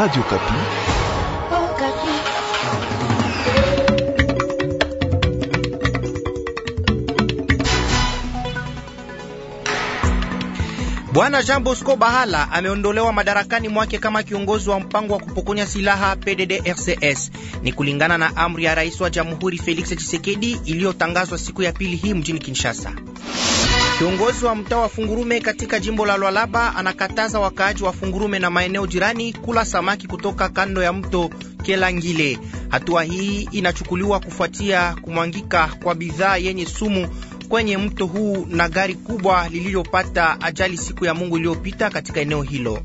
Radio Kapi. Oh, Kapi. Bwana Jean Bosco Bahala ameondolewa madarakani mwake kama kiongozi wa mpango wa kupokonya silaha PDDRCS. Ni kulingana na amri ya Rais wa Jamhuri Felix Tshisekedi iliyotangazwa siku ya pili hii mjini Kinshasa. Kiongozi wa mtaa wa Fungurume katika jimbo la Lwalaba anakataza wakaaji wa Fungurume na maeneo jirani kula samaki kutoka kando ya mto Kelangile. Hatua hii inachukuliwa kufuatia kumwangika kwa bidhaa yenye sumu kwenye mto huu na gari kubwa lililopata ajali siku ya Mungu iliyopita katika eneo hilo.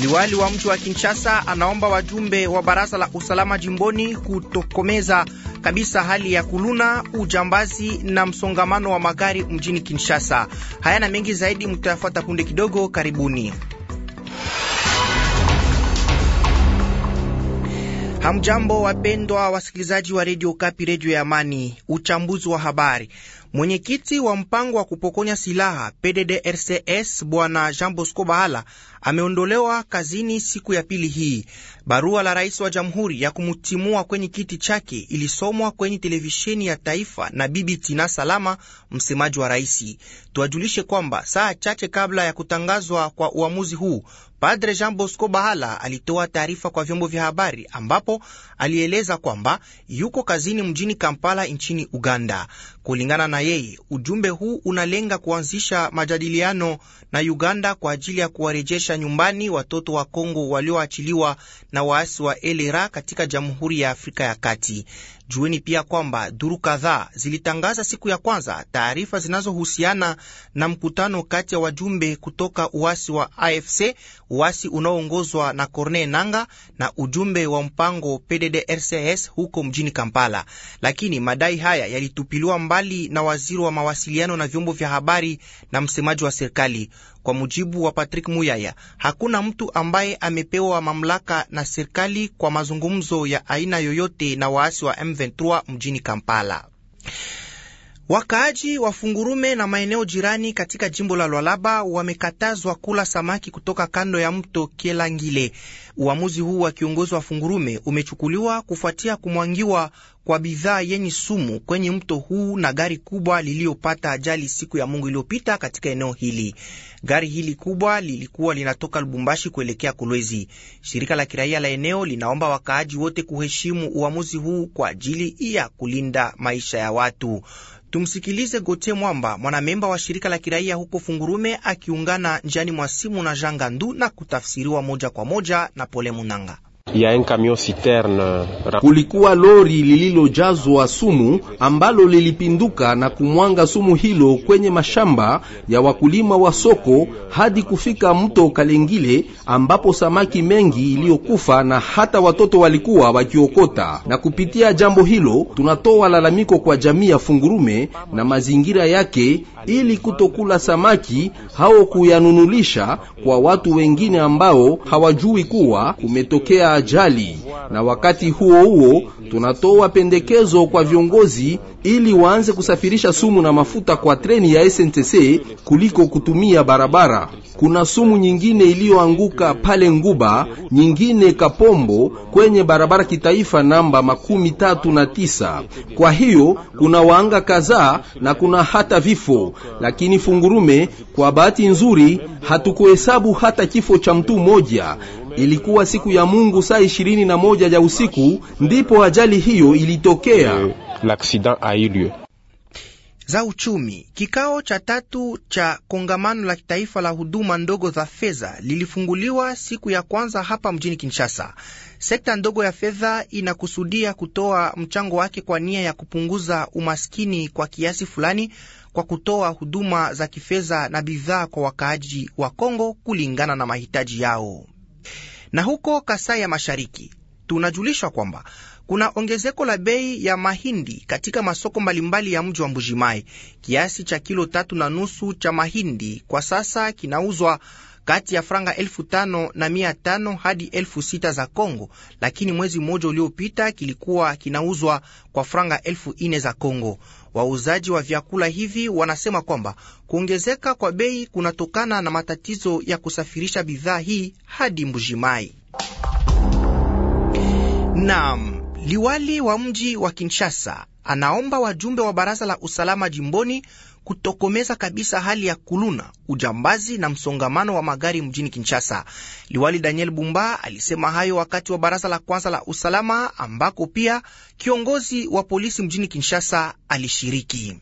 Liwali wa mji wa Kinshasa anaomba wajumbe wa baraza la usalama jimboni kutokomeza kabisa hali ya kuluna, ujambazi na msongamano wa magari mjini Kinshasa. Hayana mengi zaidi, mtayafuata punde kidogo. Karibuni. Hamjambo wapendwa wasikilizaji wa redio Kapi, redio ya Amani. Uchambuzi wa habari Mwenyekiti wa mpango wa kupokonya silaha PDDRCS Bwana Jean Bosco Bahala ameondolewa kazini siku ya pili hii. Barua la rais wa jamhuri ya kumtimua kwenye kiti chake ilisomwa kwenye televisheni ya taifa na Bibi Tina Salama, msemaji wa raisi Tuwajulishe kwamba saa chache kabla ya kutangazwa kwa uamuzi huu Padre Jean Bosco Bahala alitoa taarifa kwa vyombo vya habari ambapo alieleza kwamba yuko kazini mjini Kampala nchini Uganda. Kulingana na yeye, ujumbe huu unalenga kuanzisha majadiliano na Uganda kwa ajili ya kuwarejesha nyumbani watoto wa Kongo walioachiliwa na waasi wa LRA katika Jamhuri ya Afrika ya Kati. Jueni pia kwamba duru kadhaa zilitangaza siku ya kwanza taarifa zinazohusiana na mkutano kati ya wajumbe kutoka uasi wa AFC uasi unaoongozwa na Corneille nanga na ujumbe wa mpango PDDRCS huko mjini Kampala, lakini madai haya yalitupiliwa mbali na waziri wa mawasiliano na vyombo vya habari na msemaji wa serikali. Kwa mujibu wa Patrick Muyaya, hakuna mtu ambaye amepewa mamlaka na serikali kwa mazungumzo ya aina yoyote na waasi wa M23 mjini Kampala. Wakaaji wa Fungurume na maeneo jirani katika jimbo la Lwalaba wamekatazwa kula samaki kutoka kando ya mto Kielangile. Uamuzi huu wa kiongozi wa Fungurume umechukuliwa kufuatia kumwangiwa kwa bidhaa yenye sumu kwenye mto huu na gari kubwa liliyopata ajali siku ya Mungu iliyopita katika eneo hili. Gari hili kubwa lilikuwa linatoka Lubumbashi kuelekea Kolwezi. Shirika la kiraia la eneo linaomba wakaaji wote kuheshimu uamuzi huu kwa ajili ya kulinda maisha ya watu. Tumsikilize Gote Mwamba, mwanamemba wa shirika la kiraia huko Fungurume, akiungana njiani mwa simu na Jangandu na kutafsiriwa moja kwa moja na Pole Munanga. Kulikuwa lori lililojazwa sumu ambalo lilipinduka na kumwanga sumu hilo kwenye mashamba ya wakulima wa soko hadi kufika mto Kalengile, ambapo samaki mengi iliyokufa na hata watoto walikuwa wakiokota. Na kupitia jambo hilo, tunatoa lalamiko kwa jamii ya Fungurume na mazingira yake, ili kutokula samaki hao kuyanunulisha kwa watu wengine ambao hawajui kuwa kumetokea ajali, na wakati huo huo tunatoa pendekezo kwa viongozi ili waanze kusafirisha sumu na mafuta kwa treni ya SNTC kuliko kutumia barabara. Kuna sumu nyingine iliyoanguka pale Nguba, nyingine Kapombo kwenye barabara kitaifa namba makumi tatu na tisa. Kwa hiyo kuna waanga kadhaa na kuna hata vifo, lakini fungurume, kwa bahati nzuri hatukuhesabu hata kifo cha mtu mmoja, Ilikuwa siku ya Mungu saa ishirini na moja ya usiku ndipo ajali hiyo ilitokea. L'accident a eu lieu za uchumi. Kikao cha tatu cha kongamano la kitaifa la huduma ndogo za fedha lilifunguliwa siku ya kwanza hapa mjini Kinshasa. Sekta ndogo ya fedha inakusudia kutoa mchango wake kwa nia ya kupunguza umaskini kwa kiasi fulani kwa kutoa huduma za kifedha na bidhaa kwa wakaaji wa Kongo kulingana na mahitaji yao. Na huko Kasai ya Mashariki tunajulishwa kwamba kuna ongezeko la bei ya mahindi katika masoko mbalimbali ya mji wa Mbujimai. Kiasi cha kilo tatu na nusu cha mahindi kwa sasa kinauzwa kati ya franga elfu tano na mia tano hadi elfu sita za Congo, lakini mwezi mmoja uliopita kilikuwa kinauzwa kwa franga elfu ine za Congo. Wauzaji wa vyakula hivi wanasema kwamba kuongezeka kwa bei kunatokana na matatizo ya kusafirisha bidhaa hii hadi Mbujimai. Naam. Liwali wa mji wa Kinshasa anaomba wajumbe wa baraza la usalama jimboni kutokomeza kabisa hali ya kuluna, ujambazi na msongamano wa magari mjini Kinshasa. Liwali Daniel Bumba alisema hayo wakati wa baraza la kwanza la usalama ambako pia kiongozi wa polisi mjini Kinshasa alishiriki.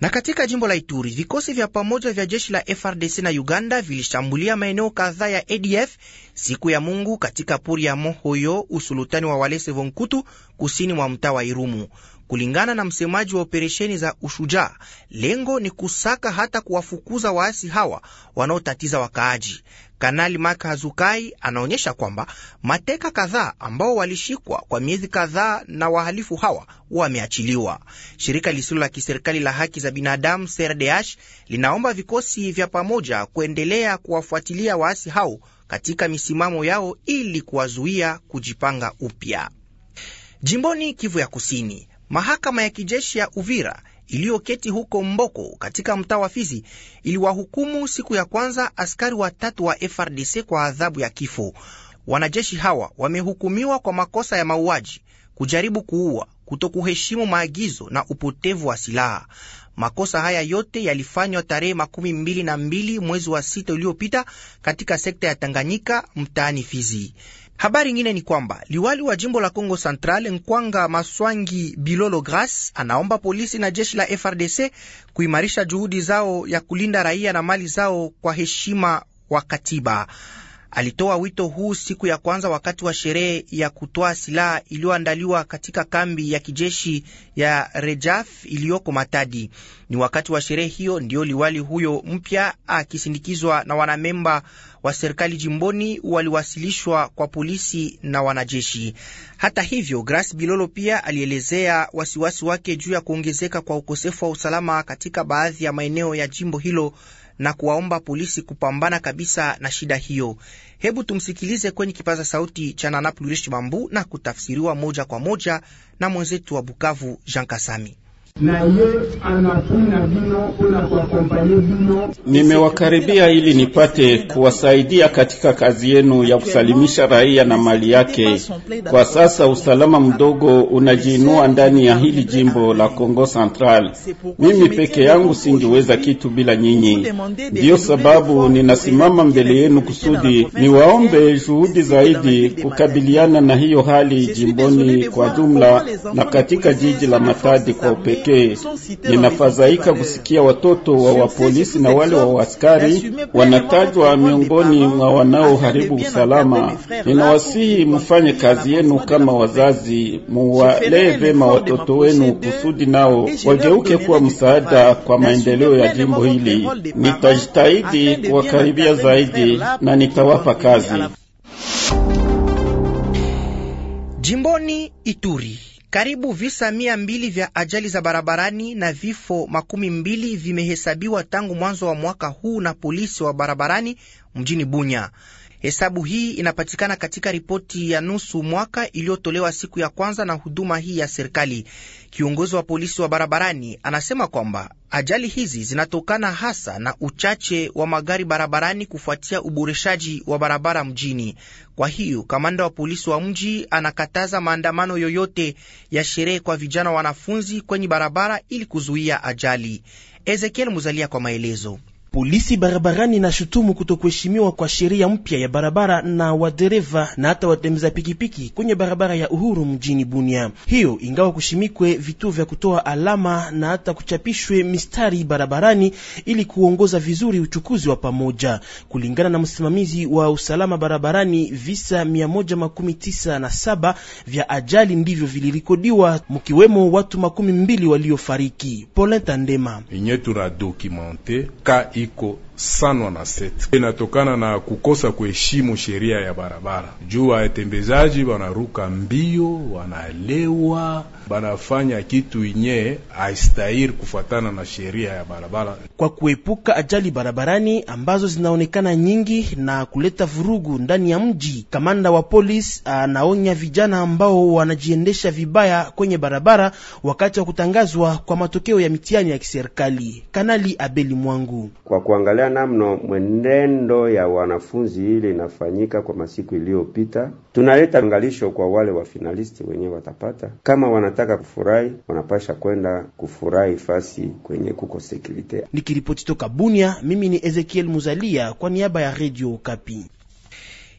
Na katika jimbo la Ituri, vikosi vya pamoja vya jeshi la FRDC na Uganda vilishambulia maeneo kadhaa ya ADF siku ya Mungu katika puri ya Mohoyo, usulutani wa Walese Vonkutu, kusini mwa mtaa wa Irumu. Kulingana na msemaji wa operesheni za Ushujaa, lengo ni kusaka hata kuwafukuza waasi hawa wanaotatiza wakaaji. Kanali Mak Hazukai anaonyesha kwamba mateka kadhaa ambao walishikwa kwa miezi kadhaa na wahalifu hawa wameachiliwa. Shirika lisilo la kiserikali la haki za binadamu SERDH linaomba vikosi vya pamoja kuendelea kuwafuatilia waasi hao katika misimamo yao ili kuwazuia kujipanga upya. Jimboni Kivu ya Kusini, mahakama ya kijeshi ya Uvira iliyoketi huko Mboko katika mtaa wa Fizi iliwahukumu siku ya kwanza askari watatu wa FRDC kwa adhabu ya kifo. Wanajeshi hawa wamehukumiwa kwa makosa ya mauaji, kujaribu kuua, kutokuheshimu maagizo na upotevu wa silaha. Makosa haya yote yalifanywa tarehe makumi mbili na mbili mwezi wa sita uliopita katika sekta ya Tanganyika mtaani Fizi. Habari ingine ni kwamba liwali wa jimbo la congo Central Nkwanga Maswangi Bilolo gras anaomba polisi na jeshi la FRDC kuimarisha juhudi zao ya kulinda raia na mali zao kwa heshima wa katiba. Alitoa wito huu siku ya kwanza wakati wa sherehe ya kutoa silaha iliyoandaliwa katika kambi ya kijeshi ya Rejaf iliyoko Matadi. Ni wakati wa sherehe hiyo ndiyo liwali huyo mpya akisindikizwa na wanamemba wa serikali jimboni waliwasilishwa kwa polisi na wanajeshi. Hata hivyo, gras Bilolo pia alielezea wasiwasi wake juu ya kuongezeka kwa ukosefu wa usalama katika baadhi ya maeneo ya jimbo hilo na kuwaomba polisi kupambana kabisa na shida hiyo. Hebu tumsikilize kwenye kipaza sauti cha Nana Plurish Mambu na kutafsiriwa moja kwa moja na mwenzetu wa Bukavu Jean Kasami na ye anapuna vino una kuakompanye vino. Nimewakaribia ili nipate kuwasaidia katika kazi yenu ya kusalimisha raia na mali yake. Kwa sasa usalama mdogo unajiinua ndani ya hili jimbo la Kongo Central. Mimi peke yangu singeweza kitu bila nyinyi, ndiyo sababu ninasimama mbele yenu kusudi niwaombe juhudi zaidi kukabiliana na hiyo hali jimboni kwa jumla na katika jiji la Matadi kwa upekee pekee. Ninafadhaika kusikia watoto wa wapolisi na wale wa waskari wanatajwa miongoni mwa wanaoharibu usalama. Ninawasihi mufanye kazi yenu kama wazazi, muwalee vema watoto wenu kusudi nao wageuke kuwa msaada kwa maendeleo ya jimbo hili. Nitajitahidi kuwakaribia zaidi na nitawapa kazi jimboni Ituri. Karibu visa mia mbili vya ajali za barabarani na vifo makumi mbili vimehesabiwa tangu mwanzo wa mwaka huu na polisi wa barabarani mjini Bunya. Hesabu hii inapatikana katika ripoti ya nusu mwaka iliyotolewa siku ya kwanza na huduma hii ya serikali. Kiongozi wa polisi wa barabarani anasema kwamba Ajali hizi zinatokana hasa na uchache wa magari barabarani kufuatia uboreshaji wa barabara mjini. Kwa hiyo kamanda wa polisi wa mji anakataza maandamano yoyote ya sherehe kwa vijana wanafunzi kwenye barabara ili kuzuia ajali. Ezekiel Muzalia kwa maelezo. Polisi barabarani na shutumu kutokuheshimiwa kwa sheria mpya ya barabara na wadereva na hata watembeza pikipiki kwenye barabara ya Uhuru mjini Bunia. Hiyo ingawa kushimikwe vituo vya kutoa alama na hata kuchapishwe mistari barabarani ili kuongoza vizuri uchukuzi wa pamoja. Kulingana na msimamizi wa usalama barabarani, visa 197 vya ajali ndivyo vilirikodiwa, mkiwemo watu makumi mbili waliofariki. Polenta Ndema Ico sanwa na seti inatokana na kukosa kuheshimu sheria ya barabara. Juu watembezaji wanaruka mbio, wanalewa, banafanya kitu inye haistahili kufuatana na sheria ya barabara. Kwa kuepuka ajali barabarani ambazo zinaonekana nyingi na kuleta vurugu ndani ya mji, kamanda wa polisi anaonya vijana ambao wanajiendesha vibaya kwenye barabara wakati wa kutangazwa kwa matokeo ya mitihani ya kiserikali. Kanali Abeli Mwangu kwa kuangalia namno mno mwenendo ya wanafunzi ile inafanyika kwa masiku iliyopita. Tunaleta ngalisho kwa wale wafinalisti wenyewe, watapata kama wanataka kufurahi, wanapasha kwenda kufurahi fasi kwenye kuko sekirite. Nikiripoti toka Bunia, mimi ni Ezekiel Muzalia kwa niaba ya Radio Kapi.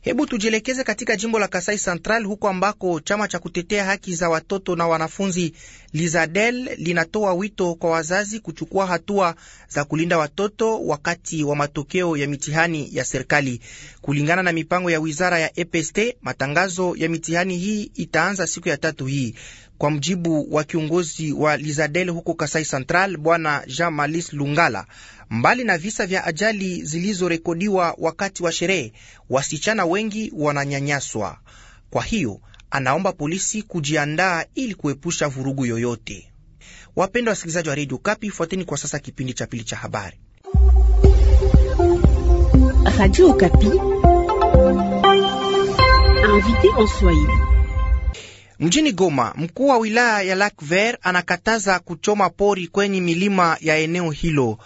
Hebu tujielekeze katika jimbo la Kasai Central, huko ambako chama cha kutetea haki za watoto na wanafunzi Lizadel linatoa wito kwa wazazi kuchukua hatua za kulinda watoto wakati wa matokeo ya mitihani ya serikali. Kulingana na mipango ya wizara ya EPST, matangazo ya mitihani hii itaanza siku ya tatu hii. Kwa mjibu wa kiongozi wa Lizadel huko Kasai Central, Bwana Jean Malis Lungala, mbali na visa vya ajali zilizorekodiwa wakati wa sherehe, wasichana wengi wananyanyaswa. Kwa hiyo anaomba polisi kujiandaa ili kuepusha vurugu yoyote. Wapendwa wasikilizaji wa redio Kapi, fuateni kwa sasa kipindi cha pili cha habari. Radio Kapi en Swahili Mjini Goma, mkuu wa wilaya ya Lac Vert anakataza kuchoma pori kwenye milima ya eneo hilo.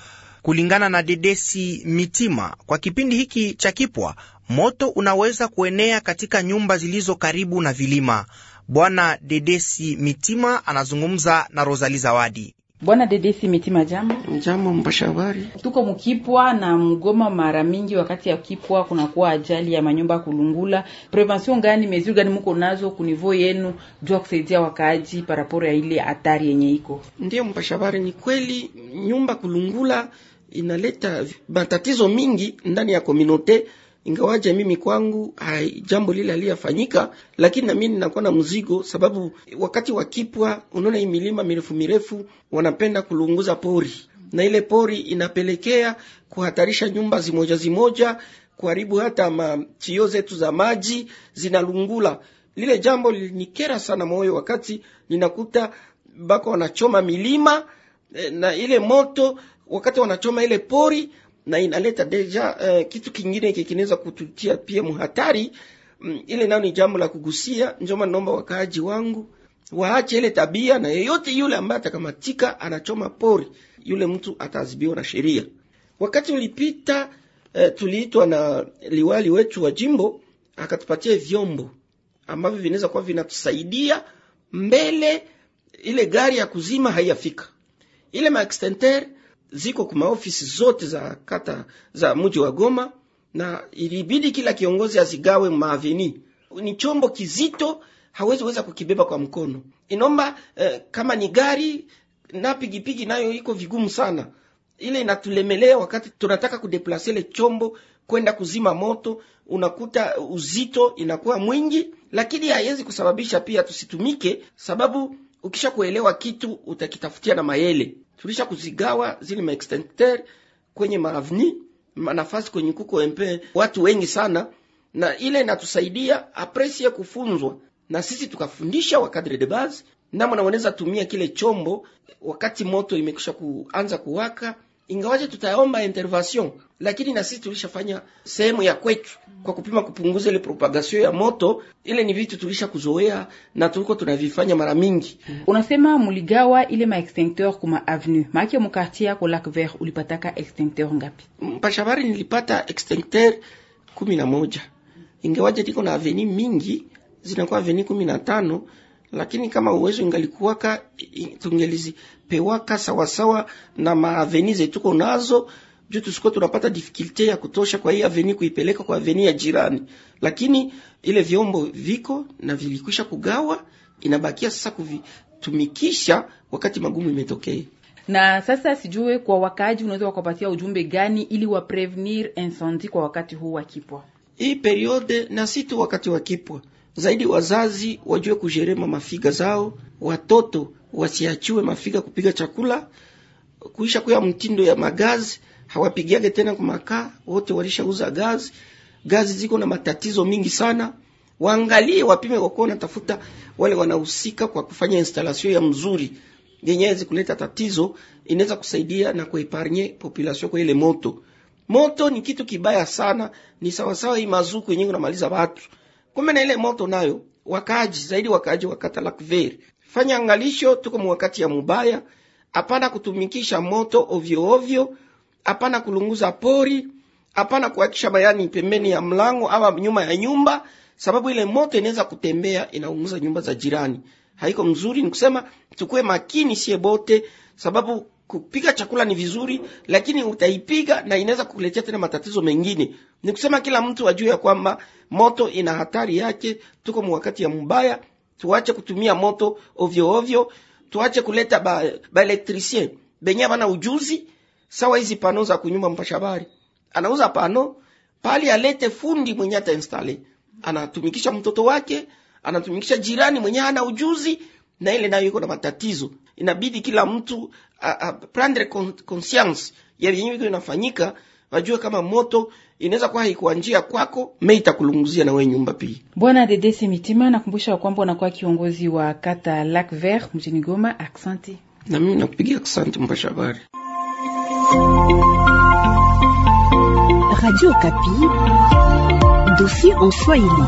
Kulingana na Dedesi Mitima, kwa kipindi hiki cha kipwa, moto unaweza kuenea katika nyumba zilizo karibu na vilima. Bwana Dedesi Mitima anazungumza na Rozali Zawadi. Bwana Dedesi Mitima, jambo. Jambo mpasha habari. Tuko mkipwa na mgoma, mara mingi wakati ya kipwa kunakuwa ajali ya manyumba kulungula. Prevention gani, mesure gani mko nazo kunivo yenu jua kusaidia wakaaji paraporo ya ile hatari yenye iko? Ndiyo mpasha habari, ni kweli nyumba kulungula inaleta matatizo mingi ndani ya komunote ingawaje mimi kwangu hai, jambo lile aliyafanyika, lakini nami ninakuwa na mzigo, sababu wakati wa kipwa, unaona hii milima mirefu mirefu wanapenda kulunguza pori, na ile pori inapelekea kuhatarisha nyumba zimoja zimoja, kuharibu hata machio zetu za maji zinalungula. Lile jambo linikera sana moyo wakati ninakuta bako wanachoma milima eh, na ile moto wakati wanachoma ile pori na inaleta deja uh, kitu kingine kikinaweza kututia pia mhatari mm, ile nayo ni jambo la kugusia. njoma maana naomba wakaaji wangu waache ile tabia, na yeyote yule ambaye atakamatika anachoma pori, yule mtu ataadhibiwa na sheria. Wakati ulipita uh, tuliitwa na liwali wetu wa jimbo akatupatia vyombo ambavyo vinaweza kuwa vinatusaidia mbele ile gari ya kuzima haiyafika ile ma ziko maofisi zote za kata za mji wa Goma, na ilibidi kila kiongozi azigawe maaveni. Ni chombo kizito, hawezi weza kukibeba kwa mkono. inomba eh, kama ni gari na pigipigi nayo iko vigumu sana, ile inatulemelea wakati tunataka kudeplase ile chombo kwenda kuzima moto, unakuta uzito inakuwa mwingi, lakini haiwezi kusababisha pia tusitumike, sababu Ukisha kuelewa kitu utakitafutia na mayele. Tulisha kuzigawa zile maextincteur kwenye maavni nafasi kwenye kuko MP watu wengi sana, na ile inatusaidia apresie kufunzwa na sisi tukafundisha wakadre de base namna wanaweza tumia kile chombo wakati moto imekisha kuanza kuwaka ingawaje tutaomba intervention, lakini na sisi tulishafanya sehemu ya kwetu kwa kupima kupunguza ile propagation ya moto. Ile ni vitu tulisha kuzoea na tuliko tunavifanya mara mingi. Unasema muligawa ile ma extincteur kuma avenue make mukartie ko Lac Vert, ulipataka extincteur ngapi? Mpashabari nilipata extincteur kumi na moja ingawaje tiko na avenue mingi zinakuwa avenue kumi na tano lakini kama uwezo ingalikuwaka tungelizipewaka sawasawa na maaveni zetuko nazo juu tusikuwa tunapata difficulte ya kutosha kwa hii aveni kuipeleka kwa aveni ya jirani, lakini ile vyombo viko na vilikwisha kugawa, inabakia sasa kuvitumikisha wakati magumu imetokea. Na sasa sijue kwa wakaaji, unaweza wakapatia ujumbe gani ili wa prevenir incendie kwa wakati huu wa kipwa, hii periode na si tu wakati wa kipwa zaidi wazazi wajue kujerema mafiga zao, watoto wasiachiwe mafiga kupiga chakula. Kuisha kuya mtindo ya magazi, hawapigiage tena kumakaa, wote walishauza gazi. Gazi ziko na matatizo mingi sana, waangalie wapime, kwa kuona tafuta wale wanahusika kwa kufanya instalasio ya mzuri yenyewe kuleta tatizo, inaweza kusaidia na kuepargne population kwa ile moto. Moto ni kitu kibaya sana, ni sawasawa hii mazuku yenyewe unamaliza watu Kumbe na ile moto nayo wakaji zaidi, wakaji wa kata la fanya angalisho, tuko mwakati ya mubaya. Hapana kutumikisha moto ovyo ovyo, hapana kulunguza pori, hapana kuhakisha bayani pembeni ya mlango ama nyuma ya nyumba, sababu ile moto inaweza kutembea inaunguza nyumba za jirani. Haiko mzuri, nikusema tukue makini sie bote, sababu kupiga chakula ni vizuri, lakini utaipiga na inaweza kukuletea tena matatizo mengine. Ni kusema kila mtu ajue ya kwamba moto ina hatari yake. Tuko mwakati ya mbaya, tuache kutumia moto ovyo ovyo, tuache kuleta ba, ba electricien benye bana ujuzi sawa. Hizi pano za kunyumba, mpashabari anauza pano pali, alete fundi mwenye atainstale, anatumikisha mtoto wake, anatumikisha jirani mwenye hana ujuzi na ile nayo iko na matatizo. Inabidi kila mtu prendre conscience ya vyenye viko inafanyika, wajue kama moto inaweza kuwa haikuwa njia kwako me itakulunguzia na wewe nyumba pia. Bwana Dedesi Mitima, nakumbusha kwamba unakuwa kiongozi wa kata Lac Vert mjini Goma. Aksanti. Na mimi nakupigia aksanti mpasha habari. Radio Kapi, dossier en Swahili.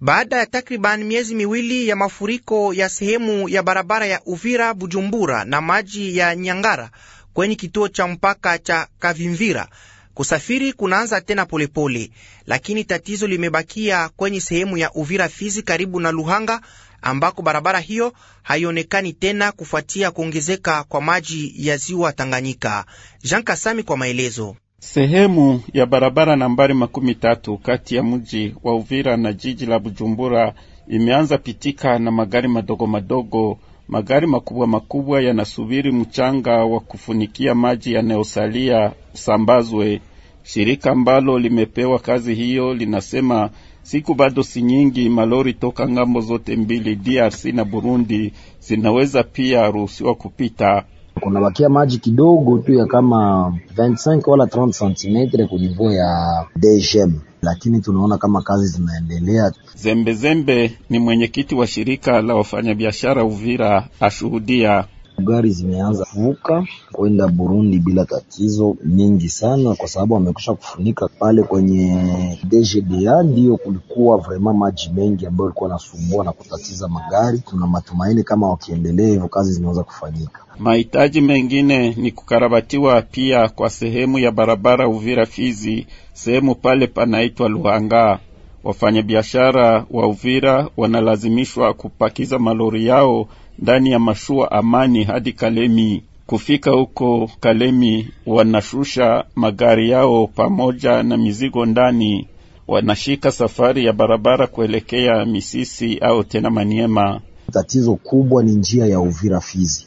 Baada ya takriban miezi miwili ya mafuriko ya sehemu ya barabara ya Uvira Bujumbura na maji ya Nyangara kwenye kituo cha mpaka cha Kavimvira, kusafiri kunaanza tena polepole pole, lakini tatizo limebakia kwenye sehemu ya Uvira Fizi karibu na Luhanga ambako barabara hiyo haionekani tena kufuatia kuongezeka kwa maji ya ziwa Tanganyika. Jean Kasami kwa maelezo. Sehemu ya barabara nambari makumi tatu kati ya mji wa Uvira na jiji la Bujumbura imeanza pitika na magari madogo madogo. Magari makubwa makubwa yanasubiri mchanga wa kufunikia maji yanayosalia usambazwe. Shirika ambalo limepewa kazi hiyo linasema siku bado si nyingi, malori toka ngambo zote mbili, DRC na Burundi, zinaweza pia ruhusiwa kupita kunabakia maji kidogo tu ya kama 25 wala 30 cm kwenye mvua ya DGM, lakini tunaona kama kazi zinaendelea. Zembezembe ni mwenyekiti wa shirika la wafanyabiashara Uvira ashuhudia gari zimeanza kuvuka kwenda Burundi bila tatizo nyingi sana, kwa sababu wamekusha kufunika pale kwenye DGDA. Ndiyo kulikuwa vrema maji mengi ambayo ilikuwa nasumbua na kutatiza magari. Tuna matumaini kama wakiendelea hivyo, kazi zinaweza kufanyika. Mahitaji mengine ni kukarabatiwa pia kwa sehemu ya barabara Uvira Fizi, sehemu pale panaitwa Luhanga. Wafanyabiashara wa Uvira wanalazimishwa kupakiza malori yao ndani ya mashua Amani hadi Kalemi. Kufika huko Kalemi, wanashusha magari yao pamoja na mizigo ndani, wanashika safari ya barabara kuelekea Misisi au tena Maniema. Tatizo kubwa ni njia ya Uvira Fizi,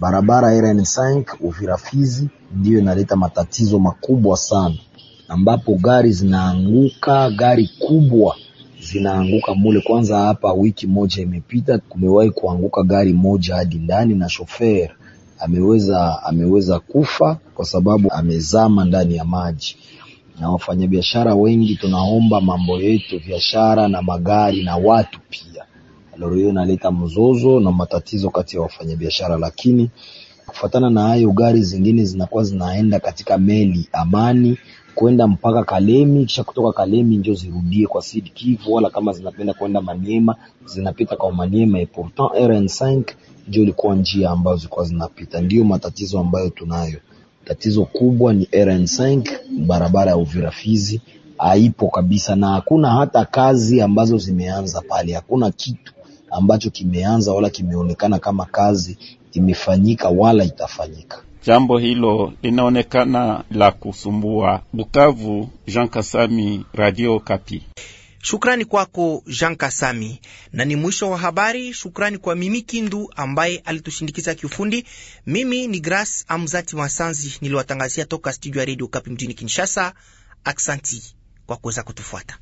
barabara RN5 Uvira Fizi ndiyo inaleta matatizo makubwa sana, ambapo gari zinaanguka, gari kubwa zinaanguka mule. Kwanza hapa wiki moja imepita, kumewahi kuanguka gari moja hadi ndani na shofer ameweza ameweza kufa kwa sababu amezama ndani ya maji. Na wafanyabiashara wengi tunaomba mambo yetu, biashara na magari na watu pia, lori hiyo inaleta mzozo na matatizo kati ya wafanyabiashara. Lakini kufatana na hayo, gari zingine zinakuwa zinaenda katika meli Amani kwenda mpaka Kalemi, kisha kutoka Kalemi ndio zirudie kwa Sud Kivu, wala kama zinapenda kwenda Maniema zinapita kwa Maniema. Et pourtant RN5 ndio ilikuwa njia ambazo zilikuwa zinapita. Ndiyo matatizo ambayo tunayo. Tatizo kubwa ni RN5, barabara ya Uvira Fizi haipo kabisa, na hakuna hata kazi ambazo zimeanza pale. Hakuna kitu ambacho kimeanza wala kimeonekana kama kazi imefanyika wala itafanyika. Jambo hilo linaonekana la kusumbua. Bukavu, Jean Kasami, Radio Kapi. Shukrani kwako Jean Kasami, na ni mwisho wa habari. Shukrani kwa Mimi Kindu ambaye alitushindikiza kiufundi. Mimi ni Grace Amzati Masanzi niliwatangazia toka studio ya Radio Kapi mjini Kinshasa. Aksanti kwa kuweza kutufuata.